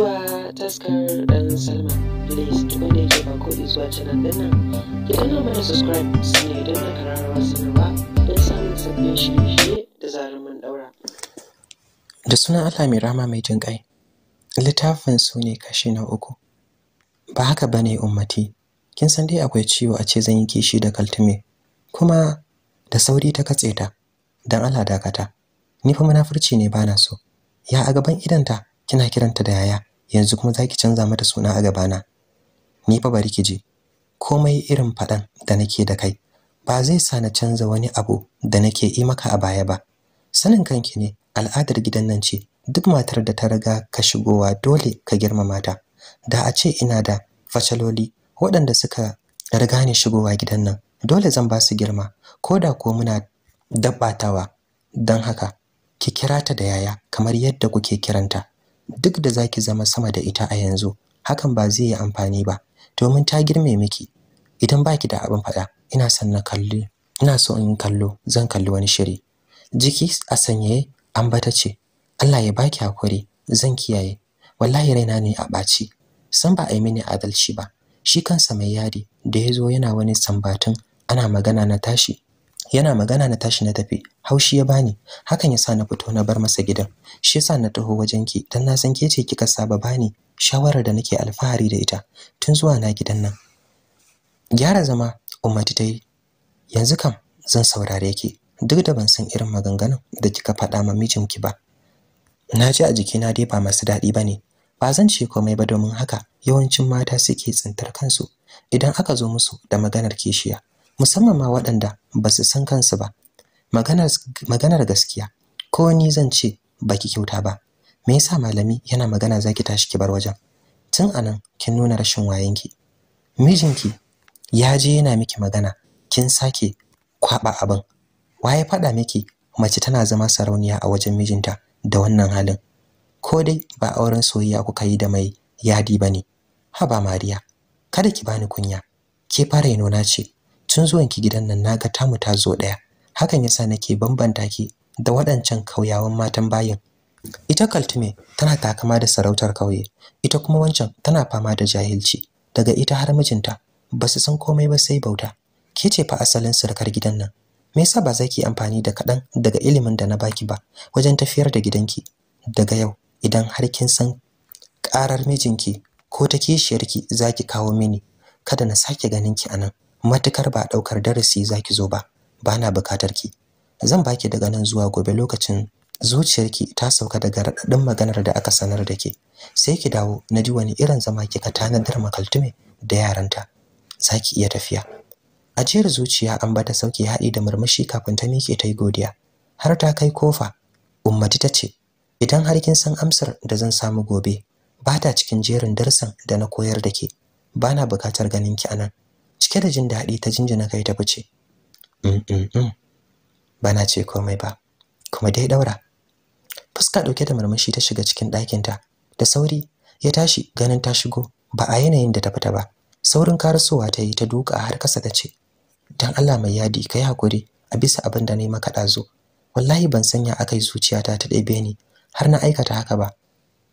zuwa taskar dan salma please duk wanda yake ba ko zuwa canal din nan ki danna mana subscribe su ne don na kararrawa sanarwa don samun sabbin shirye-shirye da zarar mun daura da sunan allah mai rama mai jin kai littafin su ne kashi na uku ba haka ba ne ummati kin san dai akwai ciwo a ce zan yi kishi da kaltume kuma da sauri ta katse ta Don allah dakata ni fa munafurci ne bana so ya a gaban idanta kina kiranta da yaya yanzu kuma zaki canza mata suna a gabana ni fa bari ki je komai irin faɗan da nake da kai ba zai sa na canza wani abu da nake yi maka a baya ba sanin kanki ne al'adar gidan nan ce duk matar da ta riga ka shigowa dole ka girma mata. da a ce ina da fasaloli waɗanda suka riga ni shigowa gidan nan dole zan ba su girma ko da ko muna dabbatawa don haka ki kira ta da yaya kamar yadda kuke kiranta duk da zaki zama sama da ita a yanzu hakan ba zai yi amfani ba domin ta girme miki idan baki da abin faɗa ina son na kalli ina so in kallo zan kalli wani shiri jiki a sanyaye ambata ce Allah ya baki hakuri zan kiyaye wallahi raina ne a ɓaci san ba a yi mini adalci ba shi kansa mai yadi da ya zo yana wani sambatun ana magana na tashi yana magana na tashi na tafi haushi ya bani hakan yasa na fito na bar masa gidan shi yasa na taho wajen ki dan na san ke ce kika saba bani shawarar da nake alfahari da ita tun zuwa na gidan nan gyara zama ummati tayi yanzu kam zan saurare ki duk da ban san irin maganganun da kika faɗa ma mijinki ba na ji a jikina dai ba masu daɗi ba ne ba zan ce komai ba domin haka yawancin mata suke tsintar kansu idan aka zo musu da maganar kishiya musamman ma waɗanda ba su san kansu ba maganar gaskiya ko ni zan ce baki kyauta ba me yasa malami yana magana za ki tashi ki bar wajen tun anan kin nuna rashin wayanki mijinki ya je yana miki magana kin sake kwaba abin waye faɗa miki mace tana zama sarauniya a wajen mijinta da wannan halin ko dai ba auren soyayya kuka yi da mai yadi ba ne? haba mariya kada ki bani kunya ke fara nuna ce tun zuwan ki gidan nan naga tamu ta zo daya hakan yasa nake bambanta ki da waɗancan kauyawan matan bayin ita kaltume tana takama da sarautar kauye ita kuma wancan tana fama da jahilci daga ita har mijinta ba su san komai ba sai bauta ke ce fa asalin surkar gidan nan me yasa ba za ki amfani da kaɗan daga ilimin da na baki ba wajen tafiyar da gidanki daga yau idan har kin san ƙarar mijinki ko ta kishiyarki za ki kawo mini kada na sake ganin ki a nan matukar ba daukar darasi zaki zo ba bana bukatar ki zan baki daga nan zuwa gobe lokacin zuciyarki ta sauka daga radadin maganar da aka sanar da ke sai ki dawo na ji wani irin zama kika tanadar makaltume da yaranta zaki iya tafiya ajiyar zuciya an bata sauki haɗi da murmushi kafin ta miƙe ta yi godiya har ta kai kofa ummati ta ce idan har kin san amsar da zan samu gobe ba ta cikin jerin darsan da na koyar da ke bana bukatar ganin ki anan cike da jin daɗi ta jinjina kai ta fice mm, mm, mm. na ce komai ba kuma dai ɗaura. fuska ɗauke da murmushi ta shiga cikin ɗakinta. da sauri ya tashi ganin ta shigo ba a yanayin da ta fita ba saurin karasowa ta yi ta duka har kasa ta ce dan Allah mai yadi ka yi hakuri a bisa abin da na yi maka ɗazu. wallahi ban sanya yi zuciyata ta ɗebe ni har na aikata haka ba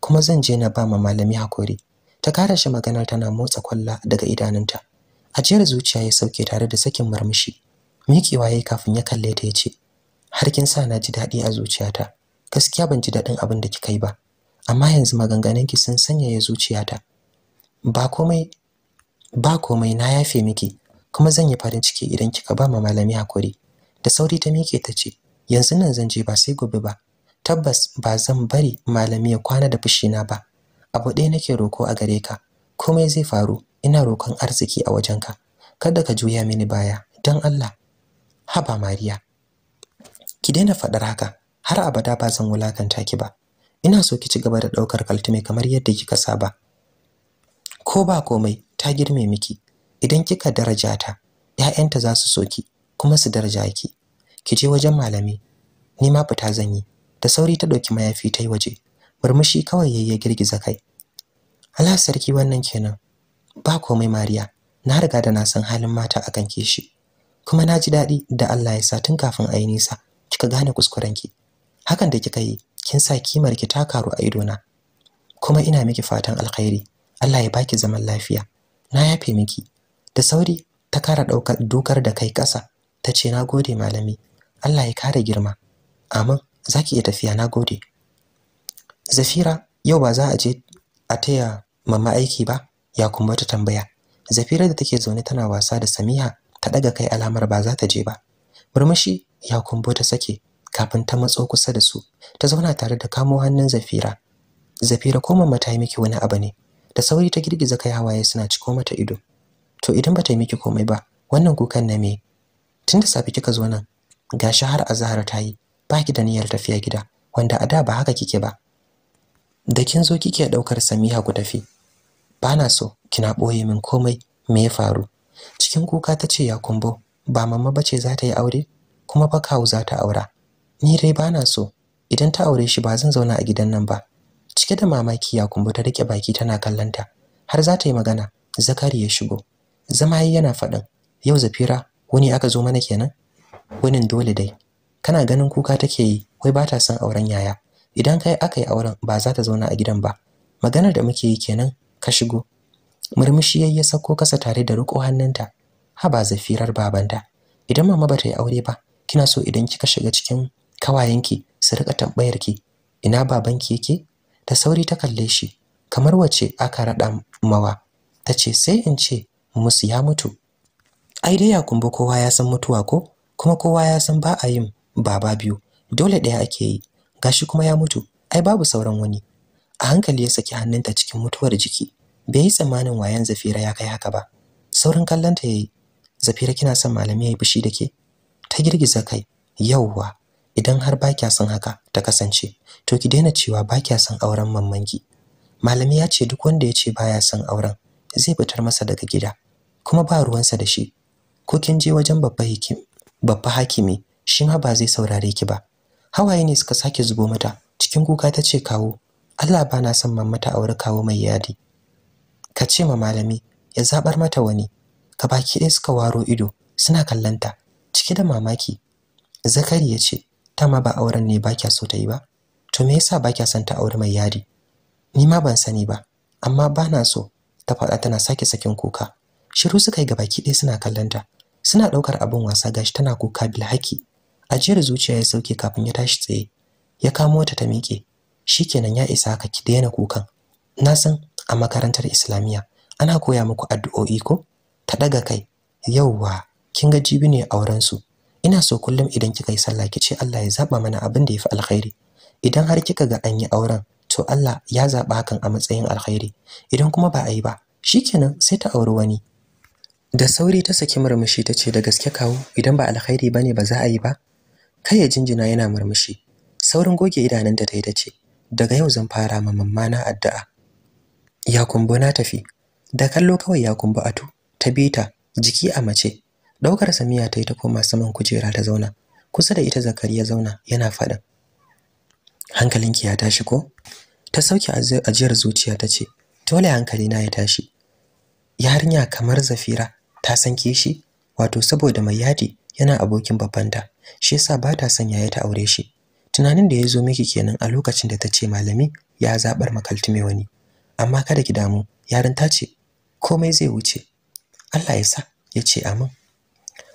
kuma zan je na ba ma malami hakuri ta kara shi maganar tana motsa kwalla daga idanunta ajiyar zuciya ya sauke tare da sakin marmishi miƙewa yi kafin ya kalle ta ya ce. har kin sa na ji daɗi a zuciyata gaskiya ban ji daɗin abin da kika yi ba amma yanzu maganganunki sun sanyaya zuciyata ba komai ba komai na yafe miki kuma zan yi farin ciki idan kika ba ma malami hakuri da sauri ta miƙe ta ce yanzu nan zan je ba sai gobe ba tabbas ba zan bari malami ya kwana da fushina ba abu ɗaya nake roko a gare ka komai zai faru ina roƙon arziki a wajenka kada ka juya mini baya don Allah haba Mariya ki daina faɗar haka har abada ba zan wulakanta ki ba ina so ki ci gaba da ɗaukar kaltume kamar yadda kika saba ko ba komai ta girme miki idan kika daraja ta ƴaƴanta za su so ki kuma su daraja ki ki je wajen malami ni ma fita zan yi da sauri ta ɗauki mayafi ta yi waje murmushi kawai yayi ya girgiza kai Allah sarki wannan kenan ba komai Mariya na riga da na san halin mata akan kishi kuma na ji daɗi da Allah ya sa tun kafin a yi nisa kika gane kuskurenki hakan da kika yi kin sa kimar ki ta karu a idona kuma ina miki fatan alkhairi Allah ya baki zaman lafiya na yafe miki da sauri ta kara ɗaukar dukar da kai kasa na gode malami Allah ya kare girma amin zaki iya tafiya na gode. Zafira yau ba za a je a taya mama aiki ba ya kuma ta tambaya zafira da take zaune tana wasa da samiha ta daga kai alamar ba za ta je ba murmushi ya kumbo ta sake kafin ta matso kusa da su ta zauna tare da kamo hannun zafira zafira ko mamma ta yi miki wani abu ne da sauri ta girgiza kai hawaye suna ciko mata ido to idan ba ta yi miki komai ba wannan kukan na me tunda safe kika zo nan gashi har azahar ta yi ba ki da niyyar tafiya gida wanda a da ba haka kike ba da kin zo kike daukar samiha ku tafi bana so kina boye min komai me ya faru cikin kuka tace ce ya kumbo ba mamma bace za ta yi aure kuma fa kawu za ta aura ni dai bana so idan ta aure shi ba zan zauna a gidan nan ba cike da mamaki ya kumbo ta rike baki tana kallanta har za ta yi magana zakari ya shigo zama yi yana faɗin yau zafira wani aka zo mana kenan wani dole dai kana ganin kuka take yi wai ba ta son auren yaya idan kai aka yi auren ba za ta zauna a gidan ba maganar da muke yi kenan ka shigo murmushi yayi ya sako kasa tare da riko hannunta ha ba zafirar babanta idan mama bata yi aure ba kina so idan kika shiga cikin kawayenki su rika tambayar ki ina babanki yake ta sauri ta kalle shi kamar wace aka rada mawa tace sai in ce musu ya mutu ai dai ya kumbu kowa ya san mutuwa ko kuma kowa ya san ba a yin baba biyu dole ɗaya ake yi gashi kuma ya mutu ai babu sauran wani a hankali ya saki hannunta cikin mutuwar jiki bai yi tsammanin wayan Zafira ya kai haka ba. Saurin kallonta yayi. Zafira kina son malami yi fushi da ke? Ta girgiza kai. Yauwa, idan har ba kya son haka ta kasance, to ki daina cewa ba kya son auren mammanki. Malami ya ce duk wanda ya ce baya son auren zai fitar masa daga gida, kuma ba ruwansa da shi. Ko kin je wajen babba hakim, babba hakimi, shi ma ba zai saurare ki ba. Hawaye ne suka sake zubo mata, cikin kuka ta ce kawo, Allah ba na son mamma ta aure kawo mai yadi. ka ce ma malami ya zabar mata wani ka baki ɗaya suka waro ido suna kallanta cike da mamaki zakari ya ce ta ma ba auren ne ba kya so ta yi ba to me yasa ba kya son ta aure mai yadi ni ma ban sani ba amma ba na so ta faɗa tana sake sakin kuka shiru suka yi ga baki ɗaya suna kallanta suna ɗaukar abin wasa gashi tana kuka bil bilhaki ajiyar zuciya ya sauke kafin ya tashi tsaye ya kamo ta ta miƙe shikenan ya isa ka ki daina kukan na san a makarantar Islamiyya. Ana koya muku addu'o'i ko? Ta daga kai. Yauwa, kin ga jibi ne auren su. Ina so kullum idan kika yi sallah kice Allah ya zaba mana abin da yafi alkhairi. Idan har kika ga an yi auren, to Allah ya zaba hakan a matsayin alkhairi. Idan kuma ba a yi ba, shikenan sai ta auri wani. Da sauri ta saki murmushi ta ce da gaske kawo idan ba alkhairi bane ba za a yi ba. Kai ya jinjina yana murmushi. Saurin goge idanunta ta yi ta ce, daga yau zan fara ma mammana addu'a. ya kumbo na tafi da kallo kawai ya kumbo atu ta bi ta jiki a mace daukar samiya ta yi ta koma saman kujera ta zauna kusa da ita zakariya zauna yana faɗin hankalinki ya tashi ko ta sauke ajiyar zuciya ta ce dole na ya tashi yarinya kamar zafira ta san kishi wato saboda mai yadi yana abokin babbanta shi yasa ba ta son yaya ta aure shi tunanin da ya zo miki kenan a lokacin da ta ce malami ya zabar makaltume wani amma kada ki damu yarin ta ce komai zai wuce Allah ya sa ya ce amin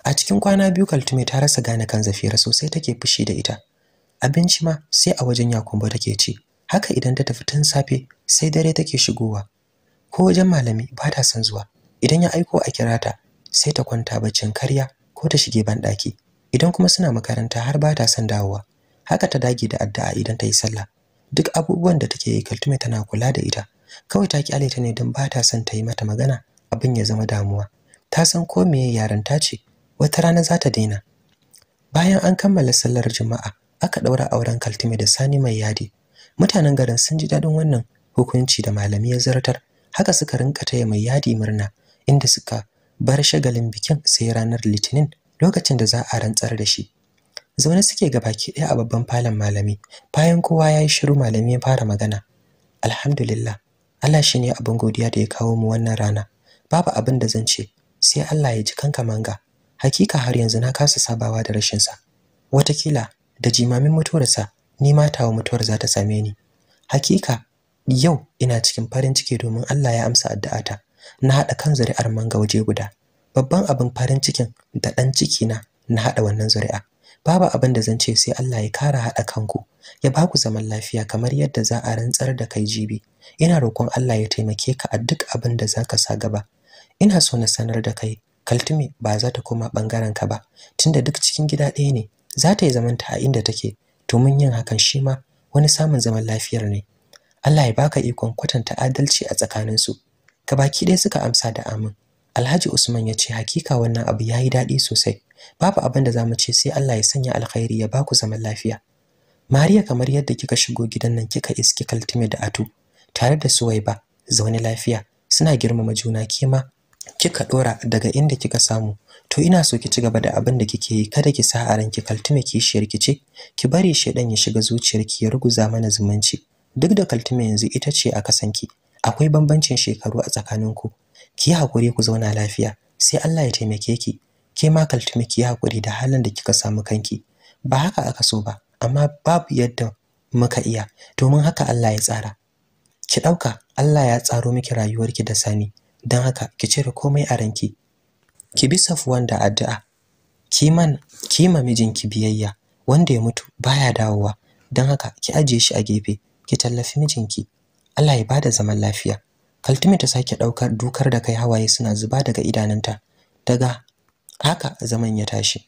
a cikin kwana biyu kaltume ta rasa gane kan zafira sosai take fushi da ita abinci ma sai a wajen yakumba take ci haka idan ta tafi tun safe sai dare take shigowa ko wajen malami ba ta son zuwa idan ya aiko a kira ta sai ta kwanta baccin karya ko ta shige banɗaki idan kuma suna makaranta har ba ta son dawowa haka ta dage da addu'a idan ta yi sallah duk abubuwan da take yi kaltume tana kula da ita kawai ta kyale ta ne don ba ta son ta yi mata magana abin ya zama damuwa ta san ko meye ta ce wata rana za ta daina bayan an kammala sallar juma'a aka ɗaura auren kaltume da sani mai yadi mutanen garin sun ji daɗin wannan hukunci da malami ya zartar haka suka rinka taya mai yadi murna inda suka bar shagalin bikin sai ranar litinin lokacin da za a rantsar da shi zaune suke ga baki ɗaya a babban falon malami bayan kowa ya yi shiru malami ya fara magana alhamdulillah Allah shi ne abin godiya da ya kawo mu wannan rana babu abin da zan ce sai Allah ya ji kanka manga hakika har yanzu na kasa sabawa da rashin sa watakila da jimamin mutuwarsa ni ma tawa mutuwar za ta same ni hakika yau ina cikin farin ciki domin Allah ya amsa addu'ata na haɗa kan zuri'ar manga waje guda babban abin farin cikin da ɗan ciki na na haɗa wannan zuri'a babu abin da zan ce sai Allah ya kara haɗa kanku ya ba ku zaman lafiya kamar yadda za a rantsar da kai jibi ina roƙon Allah ya taimake ka a duk abin da zaka sa gaba ina so na sanar da kai kaltume ba za ta koma bangaren ka ba tunda duk cikin gida ɗaya ne za ta yi zamanta a inda take to mun yin hakan shi ma wani samun zaman lafiyar ne Allah ya baka ikon kwatanta adalci a tsakanin su tsakaninsu baki ɗaya suka amsa da amin Alhaji Usman ya ce hakika wannan abu ya yi daɗi sosai babu abin da za mu ce sai Allah ya sanya alkhairi ya baku zaman lafiya Mariya kamar yadda kika shigo gidan nan kika iski Kaltume da Atu tare da Suwaiba zaune lafiya suna girmama juna kima kika ɗora daga inda kika samu to ina so ki ci gaba da abin da kike yi kada ki sa a ranki kaltume kishiyar ki ce ki bari shedan ya shiga zuciyarki ya ruguza mana zumunci duk da kaltume yanzu ita ce a kasan ki, akwai bambancin shekaru a tsakaninku ki yi hakuri ku zauna lafiya sai Allah ya taimake ki ke ma kaltume ki hakuri da halin da kika samu kanki ba haka aka so ba amma babu yadda muka iya domin haka Allah ya tsara ki dauka Allah ya tsaro miki rayuwarki da sani dan haka ki cire komai a ranki ki bi Safwan da addu'a kiman kima mijinki biyayya wanda ya mutu baya dawowa dan haka ki ajiye shi a gefe ki tallafi mijinki Allah ya bada zaman lafiya Kaltume ta sake daukar dukar da kai hawaye suna zuba daga idananta daga haka zaman ya tashi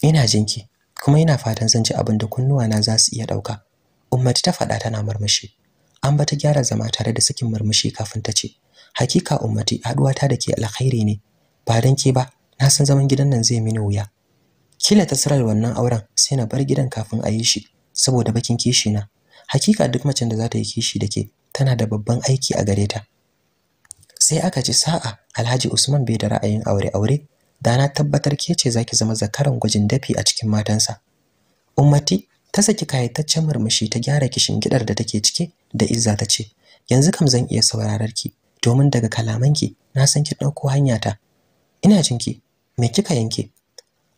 ina jinki kuma ina fatan zan ji abin da kunnuwana za su iya ɗauka ummati ta faɗa tana murmushi an bata gyara zama tare da sakin murmushi kafin ta ce hakika ummati haɗuwata da ke alkhairi ne ba dan ke ba na san zaman gidan nan zai mini wuya kila tasirar wannan auren sai na bar gidan kafin a yi shi saboda bakin kishi na hakika duk macen da za ta yi kishi da ke tana da babban aiki a gare ta sai aka ci sa'a Alhaji Usman bai da ra'ayin aure aure da na tabbatar ke ce zaki zama zakaran gwajin dafi a cikin matansa ummati ta saki kayataccen murmushi ta gyara kishin gidar da take ciki da izza ta ce yanzu kam zan iya saurarar ki domin daga kalamanki na san ki dauko ta. ina jin ki? me kika yanke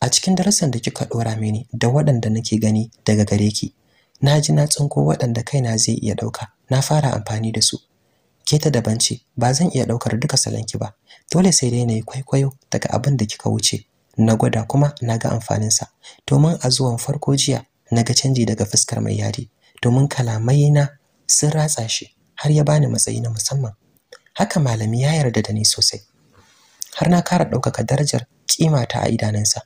a cikin darasan da kika dora mini da waɗanda nake gani daga gare ki na ji na tsinko waɗanda kaina zai iya ɗauka na fara amfani da su ke ta daban ce ba zan iya daukar duka salanki ba dole sai dai na yi kwaikwayo daga abin da kika wuce na gwada kuma naga amfanin sa domin a zuwan farko jiya na ga canji daga fuskar mai yadi domin kalamai na sun ratsa shi har ya bani matsayi na musamman haka malami ya yarda da ni sosai har na kara ɗaukaka darajar kima ta a idanunsa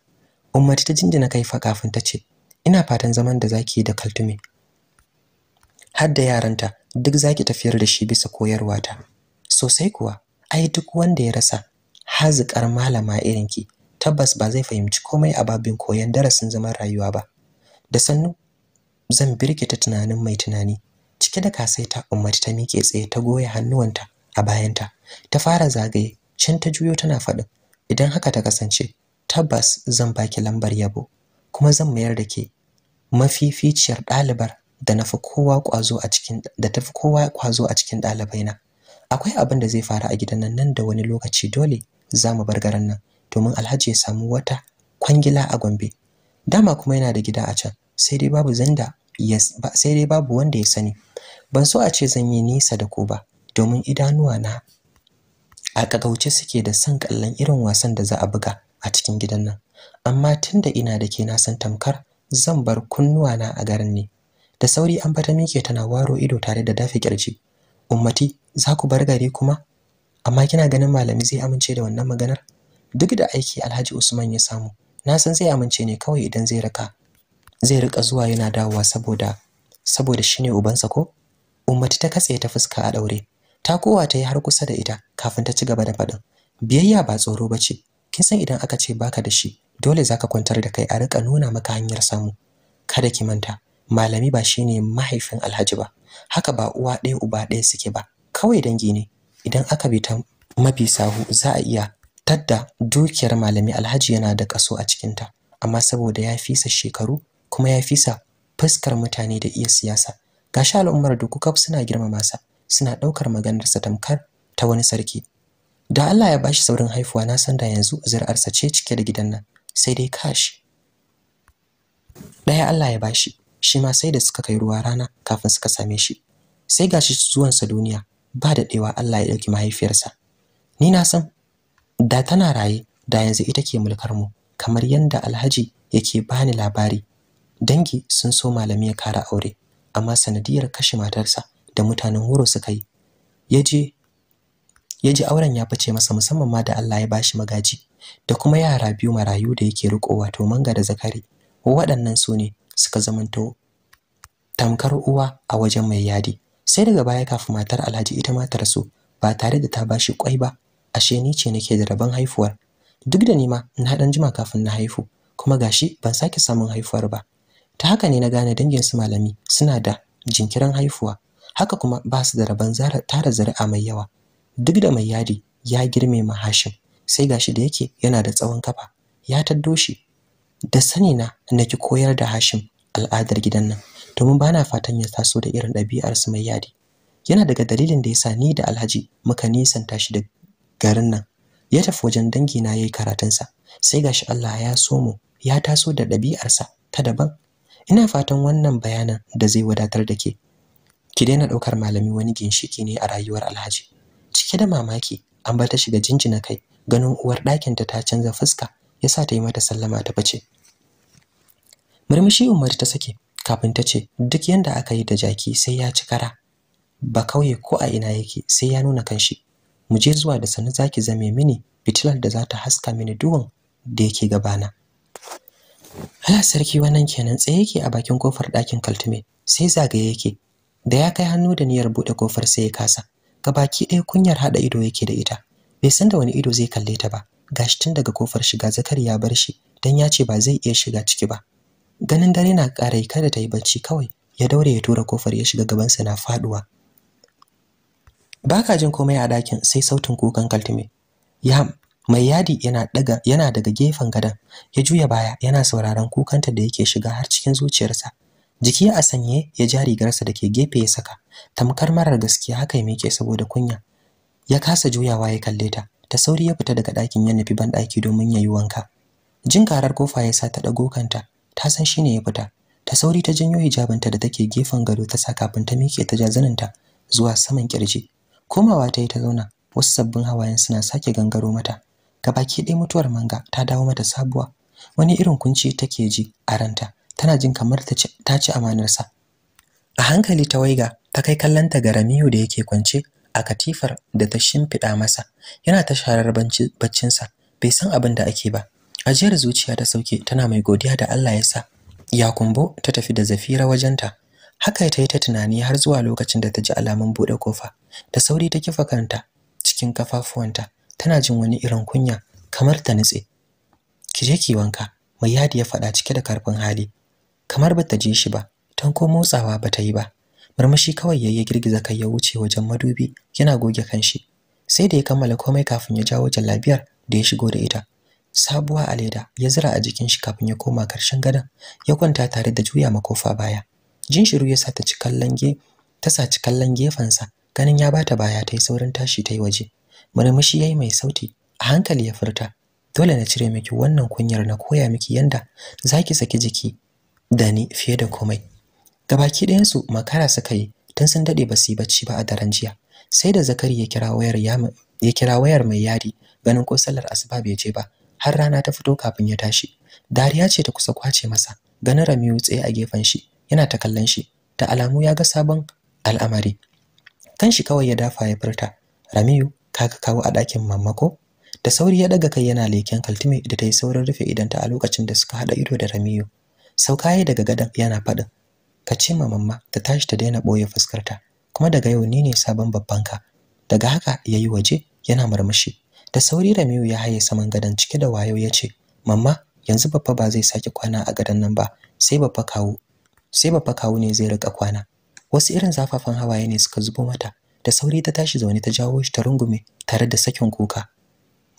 ummati ta jinjina kai fa kafin ta ce ina fatan zaman da zaki da kaltume har da yaranta duk zaki tafiyar da shi bisa koyarwata sosai kuwa ai duk wanda ya rasa hazikar malama irin ki. tabbas ba zai fahimci komai a babin koyon darasin zaman rayuwa ba da sannu zan birkita tunanin mai tunani cike da kasaita umarci ta miƙe tsaye ta goya hannuwanta a bayanta ta fara zagaye can ta juyo tana faɗin idan haka ta kasance tabbas zan baki lambar yabo kuma zan mayar da ke mafificiyar ɗalibar da na fi kowa kwazo a cikin da tafi kowa kwazo a cikin ɗalibaina akwai abin da zai faru a gidan nan nan da wani lokaci dole za mu bar garin nan domin alhaji ya samu wata kwangila a gombe dama kuma yana da gida a can sai dai babu zanda yes, ba, sai dai babu wanda ya sani ban so a ce zan yi nisa da ku ba domin idanuwa na a kakauce suke da son kallon irin wasan da za a buga a cikin gidan nan amma tunda ina da ke na san tamkar zan bar kunnuwa na a garin ne da sauri an bata mike tana waro ido tare da dafe kirji ummati za ku bar gari kuma amma kina ganin malami zai amince da wannan maganar duk da aiki Alhaji Usman ya samu na san zai amince ne kawai idan zai raka zai rika zuwa yana dawowa saboda saboda shine ubansa ko ummati ta katse ta fuska a daure ta kowa ta yi har kusa da ita kafin ta ci gaba da faɗin biyayya ba tsoro ba ce kin san idan aka ce baka da shi dole zaka kwantar da kai a rika nuna maka hanyar samu kada ki manta malami ba shine mahaifin alhaji ba haka ba uwa ɗaya uba ɗaya suke ba kawai dangi ne idan aka bi ta mafi sahu za a iya tadda dukiyar malami alhaji yana da kaso a cikinta amma saboda ya fisa shekaru kuma ya fisa fuskar mutane da iya siyasa gashi al'ummar dukukaf suna girmama sa suna ɗaukar maganarsa tamkar ta wani sarki da Allah ya bashi saurin haifuwa na san da yanzu zuri'arsa ce cike da gidan nan sai dai kashi ɗaya Allah ya bashi shi ma sai da suka kai ruwa rana kafin suka same shi sai gashi zuwansa duniya ba da ɗewa Allah ya ɗauki mahaifiyarsa ni na san da tana raye da yanzu ita ke mulkar mu kamar yadda Alhaji yake bani labari dangi sun so malami ya kara aure amma sanadiyar kashe matarsa da mutanen wuro suka yi yaje yaje auren ya fice masa musamman ma da Allah ya bashi magaji da kuma yara biyu marayu da yake riko wato manga da zakari waɗannan su ne suka zamanto tamkar uwa a wajen mai yadi sai daga baya kafin matar Alhaji ita ma ta rasu ba tare da ta bashi kwai ba ashe ni ce nake da rabon haifuwar duk da ni ma na dan jima kafin na haifu kuma gashi ban sake samun haifuwar ba ta haka ne na gane dangin su malami suna da jinkirin haifuwa haka kuma ba su da rabon tara zari'a mai yawa duk da mai yadi ya girme mahashin sai gashi da yake yana da tsawon kafa ya taddo shi da sani na, na ki koyar da Hashim al'adar gidan nan domin bana fatan ya taso da irin ɗabi'ar su mai yadi yana daga dalilin da ya sa ni da Alhaji muka nisan tashi da garin nan ya tafi wajen dangi na yayi karatunsa sai gashi Allah ya so mu ya taso da ɗabi'arsa ta daban ina fatan wannan bayanan da zai wadatar da ke ki daina ɗaukar malami wani ginshiki ne a rayuwar Alhaji cike da mamaki an bar ta shiga jinjina kai ganin uwar ɗakinta ta canza fuska ya sa ta yi mata sallama ta bace murmushi umar ta sake kafin ta ce duk yanda aka yi da jaki sai ya ci kara ba kauye ko a ina yake sai ya nuna kanshi mu je zuwa da sanu zaki zame mini fitilar da za ta haska mini duwan da yake gabana ala sarki wannan kenan tsaye yake a bakin kofar ɗakin kaltume sai zagaye yake da ya kai hannu da niyyar buɗe kofar sai ya kasa gabaki ɗaya kunyar haɗa ido yake da ita bai san da wani ido zai kalle ta ba gashi tun daga kofar shiga Zakar ya bar shi dan ya ce ba zai iya shiga ciki ba ganin dare na karai kada ta yi bacci kawai ya daure ya tura kofar ya shiga gabansa na faduwa baka jin komai a dakin sai sautin kukan kaltume ya mai yadi yana daga yana daga gefen gadan ya juya baya yana sauraron kukanta da yake shiga har cikin zuciyarsa jiki a sanye ya ja rigarsa da ke gefe ya saka tamkar marar gaskiya haka ya miƙe saboda kunya ya kasa juyawa ya kalle ta Ta sauri ya fita daga ɗakin ya nufi banɗaki domin ya yi wanka jin karar kofa ya sa ta ɗago kanta ta san shi ne ya fita ta sauri ta janyo hijabinta da take gefen gado ta sa kafin ta miƙe ta jazaninta zuwa saman kirji komawa ta yi ta zauna wasu sabbin hawayen suna sake gangaro mata gabaki ɗaya mutuwar manga ta dawo mata sabuwa wani irin kunci take ji a ranta tana jin kamar ta ci amanarsa a hankali ta waiga ta kai kallonta ga Ramiyu da yake kwance a katifar da ta shimfiɗa masa yana ta sharar baccinsa bai san abin da ake ba ajiyar zuciya ta sauke tana mai godiya da Allah ya sa ya kumbo ta tafi da zafira wajenta haka ta yi ta tunani har zuwa lokacin da ta ji alamun buɗe kofa da sauri ta kifa kanta cikin kafafuwanta tana jin wani irin kunya kamar ta nutse ki je ki wanka mai yadi ya faɗa cike da karfin hali kamar bata je shi ba tanko motsawa bata yi ba murmushi kawai yayi girgiza kai ya wuce wajen madubi yana goge kanshi sai da ya kammala komai kafin ya jawo jallabiyar da ya shigo da ita sabuwa a leda ya zira a jikin shi kafin ya koma karshen gadon ya kwanta tare da juya makofa baya jin shiru ya sa ta ci kallon ge ta ci kallon gefensa ganin ya bata baya ta yi saurin tashi ta yi waje murmushi ya yi mai sauti a hankali ya furta dole na cire miki wannan kunyar na koya miki yanda za ki saki jiki da ni fiye da komai Gabaki ɗayansu makara suka yi tun sun daɗe ba su yi bacci ba a daren jiya. Sai da Zakari ya kira wayar ya kira wayar mai yari, ganin ko sallar asuba bai je ba har rana ta fito kafin ya tashi. Dariya ce ta kusa kwace masa ganin Ramiyu tsaye a gefen shi yana ta kallon shi ta alamu ya ga sabon al'amari. Kan shi kawai ya dafa ya furta. ramiyu ka kawo a ɗakin mammako? Da sauri ya daga kai yana leken kaltume da ta yi saurin rufe idanta a lokacin da suka haɗa ido da Ramiyu. Sauka ya daga gadon yana faɗin. ka ce ma mamma ta tashi ta daina boye fuskarta kuma daga yau ni ne sabon babban ka daga haka ya yi waje yana murmushi da sauri Ramiu ya haye saman gadon cike da wayo ya ce mamma yanzu babba ba zai sake kwana a gadon nan ba sai babba kawo sai babba kawo ne zai rika kwana wasu irin zafafan hawaye ne suka zubo mata da sauri ta tashi zaune ta jawo shi ta rungume tare da sakin kuka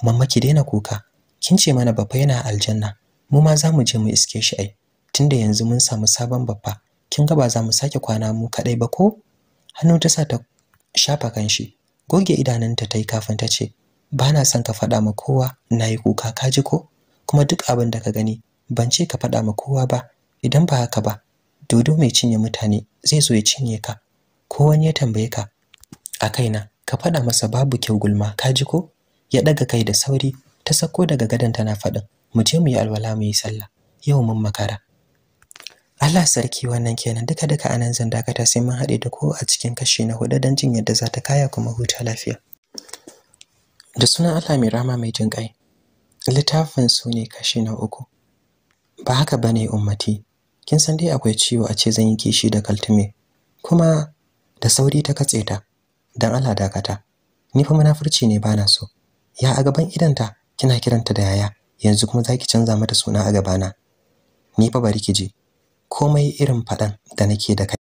mamma ki daina kuka kin ce mana babba yana aljanna mu ma za mu je mu iske shi ai tunda yanzu mun samu sabon babba kin ga ba za mu sake kwana mu kadai ba ko hannu ta sa ta shafa kanshi goge idananta ta yi kafin ta ce ba na son ka faɗa ma kowa na yi kuka ka ji ko kuma duk abin da ka gani ban ce ka faɗa ma kowa ba idan ba haka ba dodo mai cinye mutane zai zo ya cinye ka ko wani ya tambaye ka a kaina ka faɗa masa babu kyau gulma ka ji ko ya ɗaga kai da sauri ta sako daga gadon tana faɗin mu je mu yi alwala mu yi sallah yau mun makara Allah sarki wannan kenan duka duka anan zan dakata sai mun haɗe da ku a cikin kashi na hudu don jin yadda za ta kaya kuma huta lafiya da sunan Allah mai rama mai jin kai littafin su ne kashi na uku ba haka bane ummati kin san dai akwai ciwo a ce zan yi kishi da kaltume kuma da sauri ta katse ta dan Allah dakata ni fa munafurci ne bana so ya a gaban idanta kina kiranta da yaya yanzu kuma zaki canza mata suna a gabana ni fa bari ki je komai irin faɗan da nake da kai